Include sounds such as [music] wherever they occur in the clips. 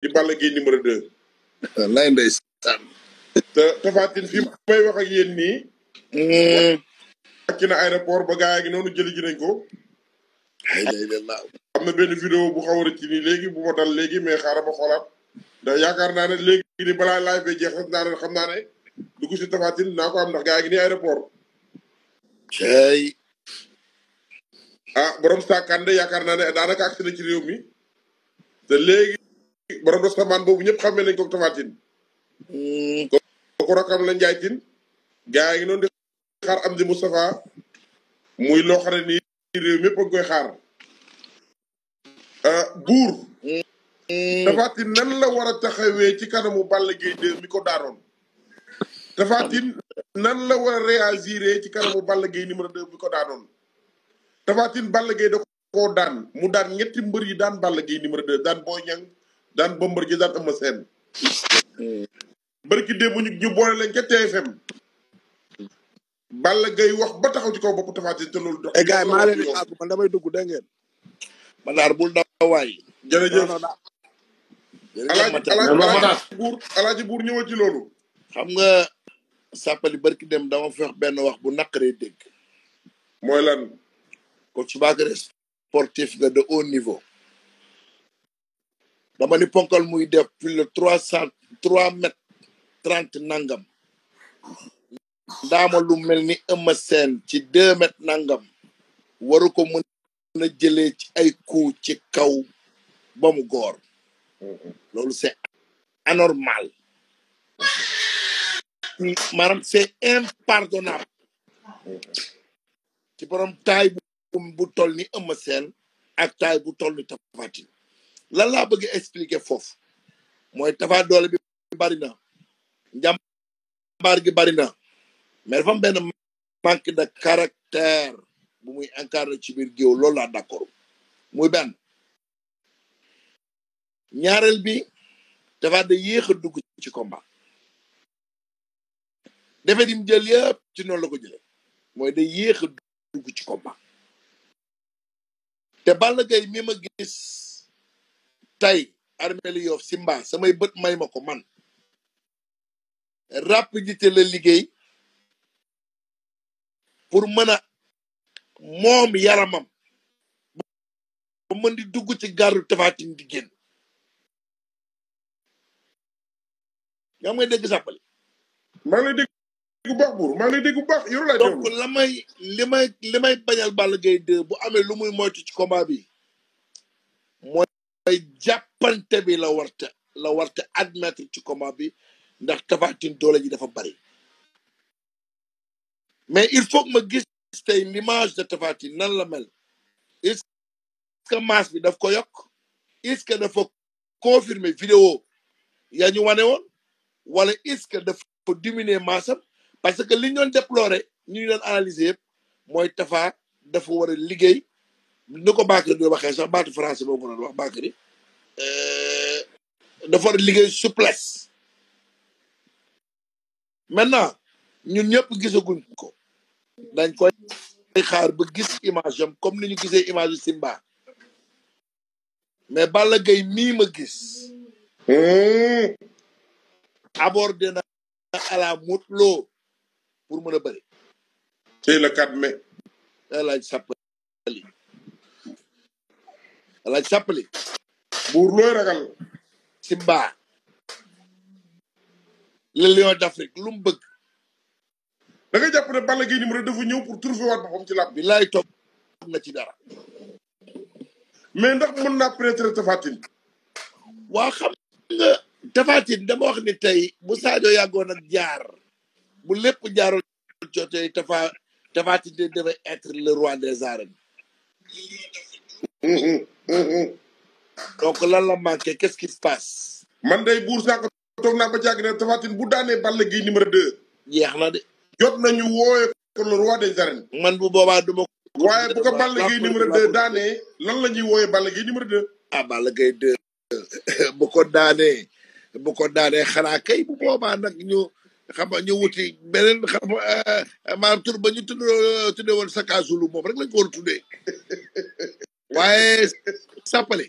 di Balla Gaye numéro 2. wallaay ndeysaan. te Tapha Tine fi may wax ak yéen nii. Mm. wàcc na aéroport ba gaa yi noonu jëli ji nañ ko. am na benn vidéo bu xaw a rëcc nii léegi bu ma dal léegi mais xaaral a xoolaat ndax yaakaar naa ne léegi nii balaa laaj bee jeex naa xam naa ne dugg si Tapha Tine naa ko am ndax gaa yi nii aéroport. cay. ah borom saa kànde yaakaar naa ne daanaka agsi na ci réew mi te léegi. borom rastamaan boobu ñëpp xamee nañ ko Tapha Tine. Hmm. kooku rakam la Ndiaye Tine. gaa yi noonu di xaar am muy loo xam nii réew mépp a ngi koy euh, hmm. nan la war a taxawee ci kanamu Balla Gaye 2 mi ko daanoon. Tapha hmm. Tine nan la war a réagir ci kanamu Balla Gaye numéro 2 mi ko daanoon. Tapha Tine Balla Gaye da koo daan mu daan ñetti mbër yi daan Balla Gaye numéro 2 daan Boy Niang. dan daan Bombardier daan Eumeu sen barki démb ñu ñu boole leen ca TFM Balla gay wax ba taxaw ci kaw bopp tafati te lolu dox. e eh, gay ma leen di man damay dugg de ngeen. man dar bul da way jere jere alaaji buur alaaji buur ñëwal ci loolu. xam nga sappali barki dem dama fex ben wax bu nakare deg moy lan. ko ci baagare sportif de haut niveau. dama ni ponkal muy def plus de trois cent trois mètres trente nangam dama lu mel ni Eumeu ci deux mètres nangam waru ko mën jële ci ay ku ci kaw ba mu góor loolu c'est anormal maanaam c'est impardonnable ci borom taay bu bu ni Eumeu Sène ak taay bu toll ni Tapha lan laa bëgg expliquer foofu mooy Tapha doole bi bari na njàmbaar gi bari na mais dafa am benn manque de caractère bu muy incarné ci biir géew loolu laa d'accord muy benn ñaareel bi Tapha da yéex a dugg ci combat defe dim jël yëpp ci noonu la ko jëlee mooy da yéex a ci combat te Balla Gaye mi ma gis tey armeelu Yoff si samay bët may ma ko man rapidité la liggéey pour mën a moom yaramam ba mën di dugg ci gaaru tafaatin di génn yaa ngay dégg sàppali maa ngi lay dégg bu baax buur lay dégg bu baax yoru laa donc la may bañal Balla Gaye 2 bu amee lu muy moytu ci combat bi dafay jàppante bi la warte la warte admettre ci combat bi ndax tafaatin doole ji dafa bari mais il faut que ma gis tey l'image de tafaatin nan la mel est-ce bi daf ko yokk est-ce que dafa confirmer vidéo yaa ñu wane woon wala est-ce que dafa diminuer masse am parce que li ñu doon déplorer ñu doon analyser yëpp mooy tafaa dafa war a liggéey ni ko Bakary di waxee sax baatu français boo ko doon wax Bakary euh, dafa war liggéey souplesse maintenant ñun ñëpp gisaguñ ko dañ koy xaar ba gis image am comme ni ñu gisee image Simba mais Balla Gaye mii ma gis hmm. abordé na à la Modou Lo pour mën a bëri c'est le 4 mai El Hadj Sappali alaaj sàppali buur looy ragal si mbaa le lion d'Afrique lu bëgg da nga jàpp ne Balla Gaye numéro dafa ñëw pour trouver waat boppam ci làmb bi laay toog na ci dara mais ndax mën naa pénétrer Tapha Tine xam nga Tapha dama wax ni tey bu saajo yàggoon ak jaar bu lépp jaaroon coocoy Tapha Tapha Tine être le roi des arènes donc lan la manqué qu'est-ce qui se passe. man day buur saako toog naa ba jàgg ne Tapha Tine bu daanee Balla Gaye numéro 2. jeex na de. jot na ñu ko le roi des arènes. man bu boobaa du ma. waaye bu ko Balla Gaye numéro 2 daanee lan la ñuy wooyee Balla Gaye numéro 2. ah Balla Gaye 2 [laughs] bu ko daanee bu ko daanee xanaa kay bu boobaa nag ñu xam nga ñu wuti beneen xam eh, eh, maanaam ba ñu tudd tuddee woon sa kaasulu moom rek lañ ko war a tuddee. waaye [laughs] sàppale.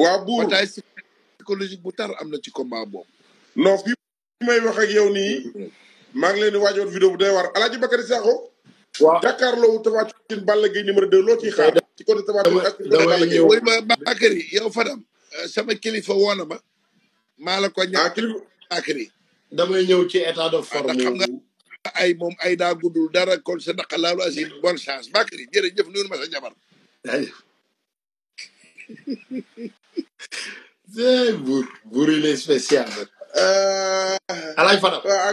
waa buur bataille psychologique bu tar am na ci combat boobu. no fi may wax ak yow nii. Mm. maa ngi leen di waajoon vidéo bu doy waar Alaaji Bakary Sakho. waaw jàkkaarloo Tapha Tine Balla Gaye numéro 2 loo ciy xaar. ci côté Tapha Tine ak Balla Gaye. mooy ma Bakary yow Fadam. Euh, sama kilifa woo na ma. maa la ko ñaan ah, kilifa Bakary. damay ñëw ci état de ah, forme. xam ay moom ay daa guddul dara kon sa naqalaalu asi bonne chance Bakary jërëjëf nuyu ma sa jabar. sëñ buur buur il est spécial. Euh, alaaj Fadam ah,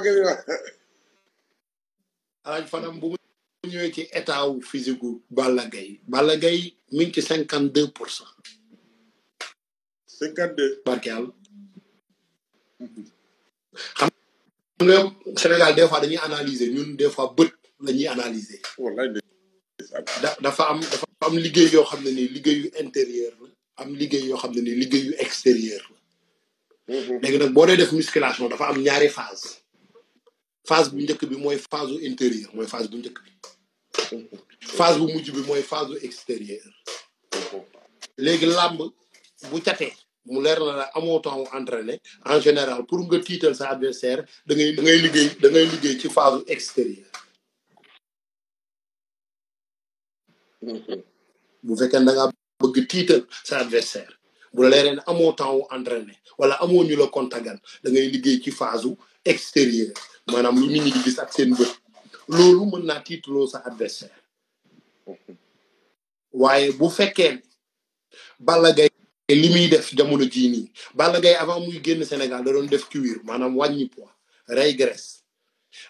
alaaj Fadam bu mu ci état wu physique gu Balla gay Balla Gaye mi ci cinquante deux pour cent. cinquante deux. barke mm-hmm. Sénégal des fois dañuy analyser ñun des fois bët la ñuy analyser. wallaay da dafa am dafa am liggéey yoo xam ne nii liggéeyu intérieur la am liggéey yoo xam ne nii liggéeyu extérieur la. Mhm. léegi nag boo dee def musculation dafa am ñaari phase. phase bu njëkk bi mooy phase u intérieur mooy phase bu njëkk bi. phase bu mujj bi mooy phase u extérieur. léegi làmb bu catee mu leer la la amoo temps entraîné en général pour nga tiital sa adversaire da ngay da ngay liggéey da ngay liggéey ci phase u extérieur. Mm-hmm. bu fekkee ne da ngaa bëgg tiital sa adversaire bu leeree ne amoo temps wu entraîné wala amoo ñu la dangay liggéey ci phase u maanaam lu nit ñi di gis ak seen bët loolu mën naa tiitaloo sa adversaire mm-hmm. waaye bu fekkee ne Balla Gaye li muy def jamono ji nii Balla Gaye avant muy génn Sénégal da doon def cuir maanaam wàññi poids rey graisse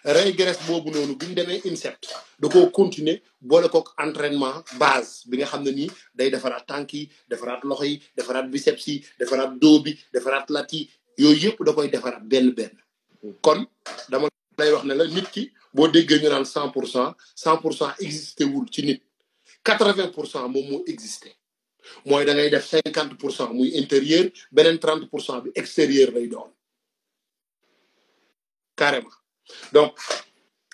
rey graisse boobu noonu bi ñu demee INSEP da koo continuer boole kook entraînement base bi nga xamné ni day defaraat tànk yi defaraat loxo yi defaraat biceps yi défarat dos bi defaraat lat yi yooyu yëpp da koy defaraat benn benn. kon dama lay wax né la nit ki bo déggé ñu naan 100% 100% existé wul ci nit 80% vingt existé moy da ngay def 50% muy intérieur benen 30% bi extérieur lay doon carrément. donc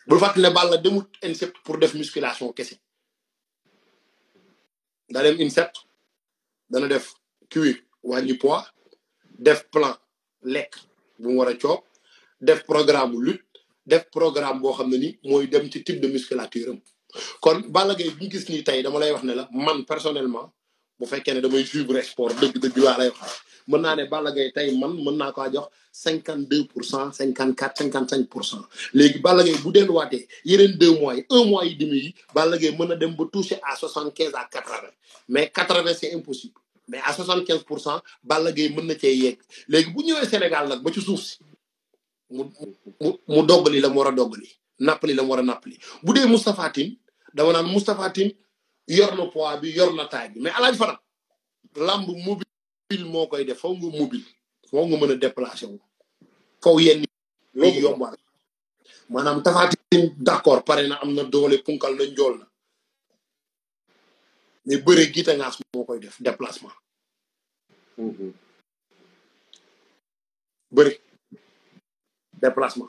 bul fàttali ne Balla demul INSEP pour def musculation kese daa dem INSEP dana def cuir wàññi poids def plan lekk bu mu war a coob def programme bu lutte def programme boo xam ne ni mooy dem ci type de musculature am kon Balla Gaye bi gis nii tey dama lay wax ne la man personnellement bu fekkee ne damay suivre sport dëgg-dëgg laa lay mën naa ne Balla Gaye tey man mën naa ko jox cinquante deux pour cent cinquante quatre cinquante cinq pour cent léegi Balla Gaye bu delluwaatee yeneen deux mois yi un mois yi demi yi Balla Gaye mën na dem ba toucher à soixante quinze à quatre vingt mais quatre vingt c'est impossible mais à soixante quinze pour cent Balla Gaye mën na cee yegg léegi bu ñëwee Sénégal nag ba ci suuf si mu mu mu doggali la mu war a doggali nappali la mu war a nappali bu dee Moustapha yor na poids bi yor na taay bi mais alaaji Fara lamb mobile moo koy def faw nga mobile faw nga mën a déplacé wu faw yenn loolu yombal maanaam tafaatin d'accord pare na am na doole punkal na jool na mais bëre gita ngaas moo koy def déplacement mhm. bëre déplacement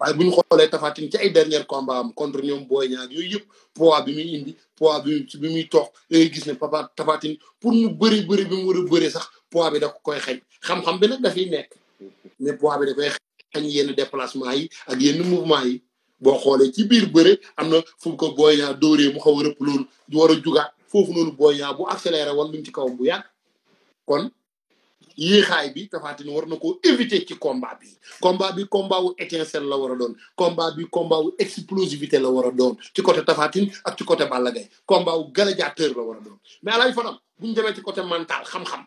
waaye bu ñu xoolee Tafatine ci ay dernier combat am contre ñoom Boy Niang yooyu yëpp pois bi muy indi poids bi muy toog da ngay gis ne papa Tafatine pour mu bëri bëri bi mu war a bëree sax pois bi da ko koy xañ xam-xam bi dafi dafay nekk mais poids bi dafay xañ yenn déplacement yi ak yenn mouvement yi boo xoolee ci biir bëre am na fu ko Boy Niang dóoree mu xaw a rëpp loolu war a jugaat foofu noonu Boy Niang bu accéléré wala luñ ci kaw bu yàgg kon yéexaay bi Tapha Tine war na ko éviter ci combat bi combat bi combat wu étincelle la war a doon combat bi combat wu explosivité la war a doon ci côté Tapha Tine ak ci côté Balla Gaye combat wu la war a doon mais alaay fanam bu ñu demee ci côté mental xam-xam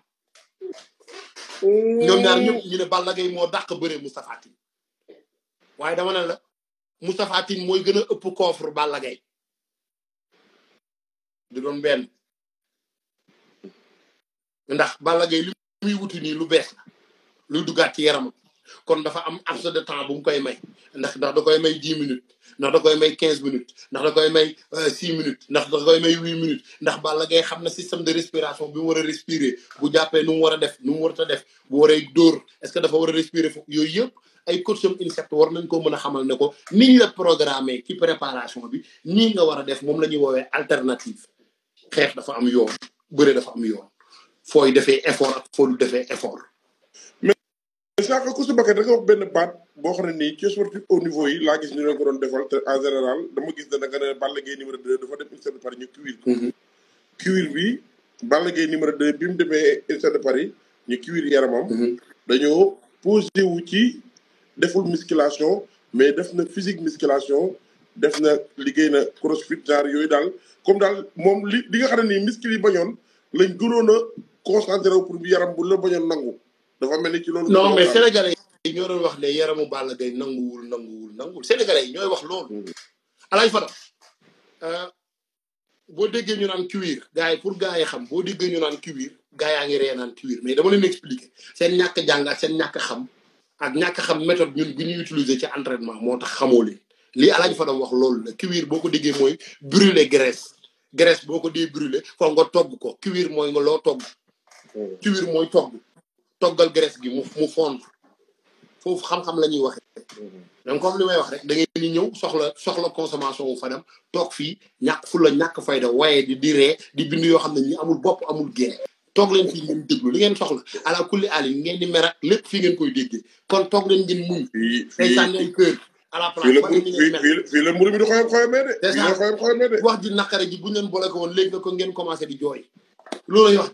ñoom ñaar ñëpp ne Balla moo dàq bëree Moustapha Tine waaye dama ne la Moustapha Tine mooy gën a ëpp coffre Balla Gaye di doon benn ndax Balla Gaye muy wuti nii lu bees la luy duggaat ci yaram kon dafa am abs de temps bu mu koy may ndax ndax da koy may dix minutes ndax da koy may quinze minutes ndax da koy may euh, six minutes ndax da koy may huit minutes ndax Balla Gaye xam na système de respiration bi mu war a respirer bu jàppee nu mu war a def nu mu war a def bu waree dóor est-ce que dafa war a respirer foog yooyu yëpp ay coachum incept war nañ ko mën a xamal ne ko ni ñu la programme ci préparation bi nii nga war a def moom la ñuy woowee alternative xeex dafa am yoon bëre dafa am yoon fooy defee effort ak foo defee effort. mais sànq ku si da nga benn baat boo xam ne nii ci sportif au niveau yi laa gis ñu leen ko doon defal te en général dama gis ne da nga ne Balla Gaye numéro 2 dafa dem INSEP de Paris ñu kiwil ko. kiwil mhm. bi Balla Gaye numéro 2 bi mu demee INSEP de Paris ñu kiwil yaramam. Mhm. dañoo posé wu ci deful musculation mais def na physique musculation def na liggéey na crossfit genre yooyu daal comme daal moom li li nga xam ne nii muscle yi bañoon lañ gënoon concentré wu pour yaram bu la bañ a nangu. dafa mel ni ci loolu. non mais sénégalais yi ñoo doon wax ne yaramu Balla Gaye nanguwul nanguwul nanguwul sénégalais yi ñooy wax loolu. Mm-hmm. alaaj Fadam euh, boo déggee ñu naan cuir gars yi pour gars yi xam boo déggee ñu naan cuir gars yaa ngi ree naan cuir mais dama leen expliquer seen ñàkk a jàng ak seen ñàkk xam ak ñàkk xam méthode ñun bi ñuy utiliser ci entraînement moo tax xamoo leen lii alaaj Fadam wax loolu la cuir boo ko déggee mooy brûler graisse graisse boo ko dee brûler foog nga togg ko cuir mooy nga loo togg. tuur mooy togg toggal graisse gi mu mu fondre foofu xam-xam la ñuy waxee donc comme li may wax rek da ngeen di ñëw soxla soxla consommation wu fadam toog fii ñàkk fu la ñàkk fayda waaye di di di bind yoo xam ne ñi amul bopp amul génne toog leen fii ngeen déglu li ngeen soxla ala kulli ali ngeen di mer lépp fii ngeen koy déggee kon toog leen ngeen muñ tey sànni ay kër à la place ba ngeen wax ji naqare ji bu ñu leen woon léegi nga ko ngeen commencé di jooy loolu wax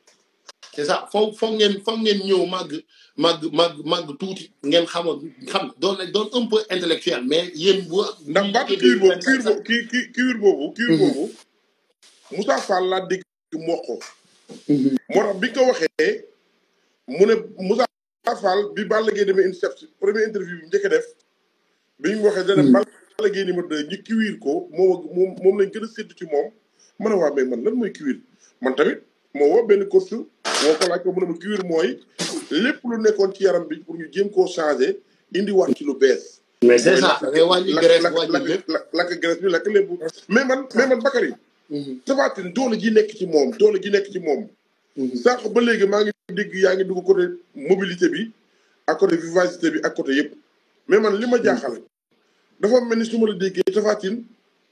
c'est ça foog foog ngeen foog ngeen ñëw màgg màgg màgg màgg tuuti ngeen xamoon xam doon doon un peu intellectuel mais yéen bu. ndax mbàkk kiir boobu kiir boobu kiir boobu. kiir mm-hmm. boobu Moussa Fall laa dégg moo ko. Mm-hmm. moo tax bi nga mu ne Moussa bi Balla Gaye demee interview premier interview bi njëkk a def bi ñu waxee dana mm-hmm. Balla Gaye numéro 2 ñu kiwiir ko moom moom lañ gën a séddu ci moom ma ne waa mais man lan mooy kiwiir man tamit. moo woo benn course woo ko laaj ko mu ne ma cure mooy lépp lu nekkoon ci yaram bi pour ñu jéem koo changé indi wax ci lu bees. mais c'est ça da ngay wàññi graisse wàññi lépp lakk graisse bi lakk lépp. mais man mais man Bakary. Mm-hmm. Tapha Tine doole ji nekk ci moom doole ji nekk ci moom. Mm-hmm. sànq ba léegi maa ngi dégg yaa ngi dugg côté mobilité bi ak coté vivacité bi ak coté yëpp mais man li ma mm-hmm. jaaxal. dafa mel ni su ma la déggee Tapha Tine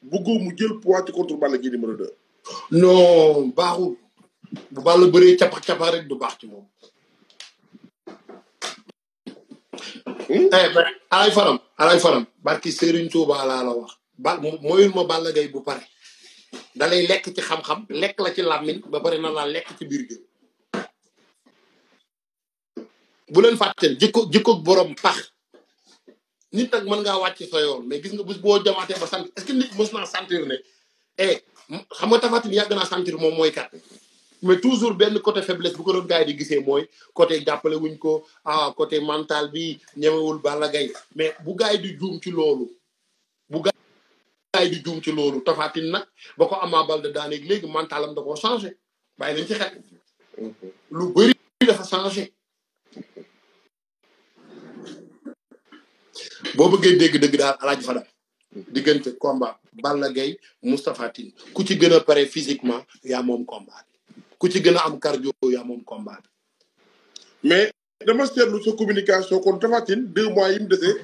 bëggoo mu jël poids ci contre Balla Gaye numéro 2. noo baaxul. bu Balla bëree capax capax rek du baax ci moom. Eh, alay faram alay faram barki Serigne Touba la wax ba mooyul ma Balla Gaye bu pare dalay lekk ci xam-xam lekk la ci làmmiñ ba pare na laa lekk ci biir gi bu leen fàtteel jikko jikko borom pax nit nag mën ngaa wàcc sa yoon mais gis nga bés boo jamaatee ba sant est-ce que nit mës naa sentir ne eh, xam nga tafatin yàgg naa santir moom mooy kat mais toujours le côté faiblesse bu ko doon gars di moi moy côté jàppale wuñ ko ah côté mental bi Balla mais bu gars di ci lolu bu gars di joom ci Si on ama bal de mentalam da ko changer. bay de ci lu dafa changer bo bëggee dégg dëgg daal fa combat Balla gay mustapha Tine ku ci a physiquement combat ku ci gën a am cardio yaa moom combat mais dama seetlu sa communication kon Tapha Tine deux mois yi mu desee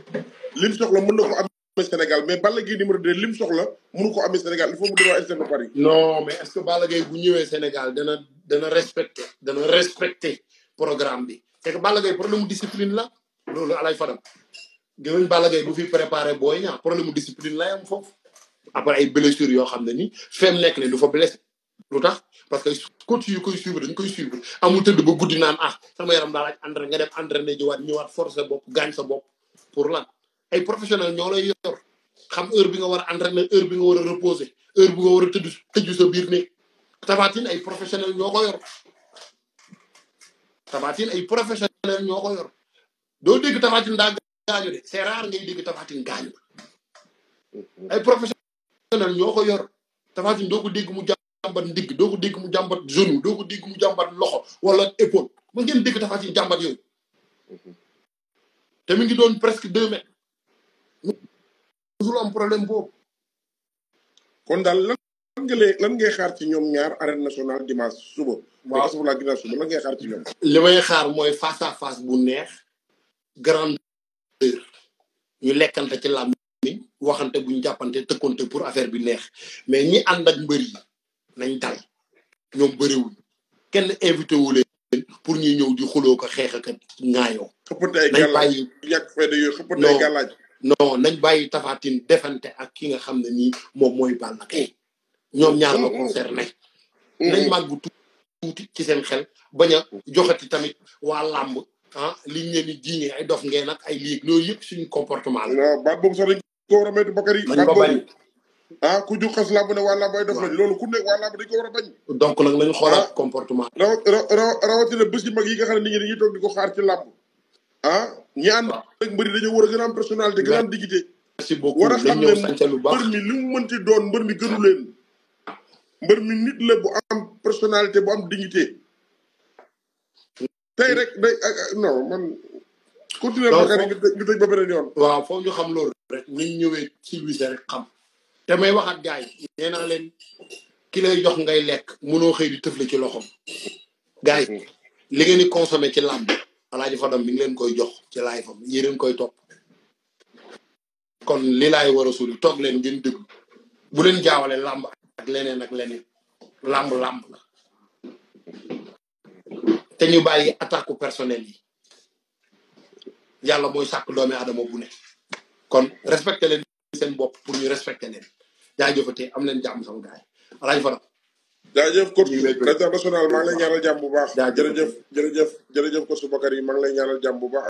lim soxla mën na ko amee Sénégal mais Balla Gaye numéro deux lim soxla mënu ko amee Sénégal il faut Paris. non mais est-ce que Balla Gaye bu ñëwee Sénégal dana dana respecté dana respecté programme bi c'est que Balla Gaye problème discipline la loolu alay fadam gëwëñ Balla Gaye bu fi préparé booy ñaa problème discipline lay foofu après ay blessures yoo xam ne ni fem nekk ne du fa blessé lutax parce que continue koy suivre dañ koy suivre amul teud ba guddi naan ah sama yaram da laaj Andre nga def entraîner jiwaat ñëwaat forcer bop gañ sa bop pour lan ay professionnel ñoo yor xam heure bi nga wara entraîner heure bi nga wara reposer heure bu nga wara teud teju sa biir ne tabatine ay professionnel ñoko yor tabatine ay professionnel ñoko yor do deg tabatine da gañu de c'est rare ngay deg tabatine gañu ay professionnel ñoko yor tabatine do ko deg mu jambat ndig do ko dégg mu jambat genou do ko dégg mu jambat loxo wala épaule mu ngeen dégg tafa ci jambat yoy te mi ngi doon presque 2 mètres musul am problème bob kon dal lan nga lay lan ngay xaar ci ñom ñaar arène nationale dimanche suba wa suba la gina suba lan ngay xaar ci ñom limay xaar moy face à face bu neex grandeur ñu lekkante ci làmmiñ waxante buñu jappante tekkonté pour affaire bi neex mais ñi and ak mbeur yi nañ dal ñoom bëriwul kenn invité wu pour ñuy ñëw di xuloo ko xeex ak ñaayoo. nañ bàyyi xëppatee non nañ bàyyi tafaatin defante ak ki nga xam ne nii moom mooy Balla Gaye ñoom ñaar la mm-hmm. concerné. Mm-hmm. nañ màgg bu tuuti ci seen xel bañ a joxati tamit waa làmb ah liñ leen di jiiñee ay dof ngeen ak ay liig loolu yëpp suñu comportement la. waaw baat boobu dañ ko war ah ku ju xas lamb ne itu lamb ay dof lañ loolu ku ne waa lamb dañ ko war a bañ donc lañ ah. comportement rawat rawatina bés yu mag yi nga xam nit ñi dañuy di xaar ci ah ñi ànd ak mbëri dañoo war a gën a am personnalité gën a am dignité merci beaucoup war a mbër mi li mu mënti doon mbër mi gënu leen mbër mi nit la bu am personnalité bu am dignité rek day ah, ah, non man continuer ba nga tëj ba beneen yoon waaw foo ñu xam loolu rek ci rek xam te wax ak gars yi nee naa leen ki lay jox ngay lekk mënoo xëy di tëfle ci loxom gars yi li ngeen di consommé ci làmb alaaji Fadam mi ngi leen koy jox ci laay fam yéen koy topp kon li laay war a toog leen ngeen déglu bu leen jaawale làmb leneen ak leneen làmb làmb la te ñu bàyyi attaque personnel yi yàlla mooy sàkk doomi aadama bu ne kon respecté leen seen bopp pour ñu respecté leen jaajëfatee am leen jàmm sama gars yi alaaj Fara. jaajëf coach président national maa ngi lay ñaanal jàmm bu baax. jaajëf jërëjëf jërëjëf jërëjëf coach Bakary maa ngi lay ñaanal jàmm bu baax.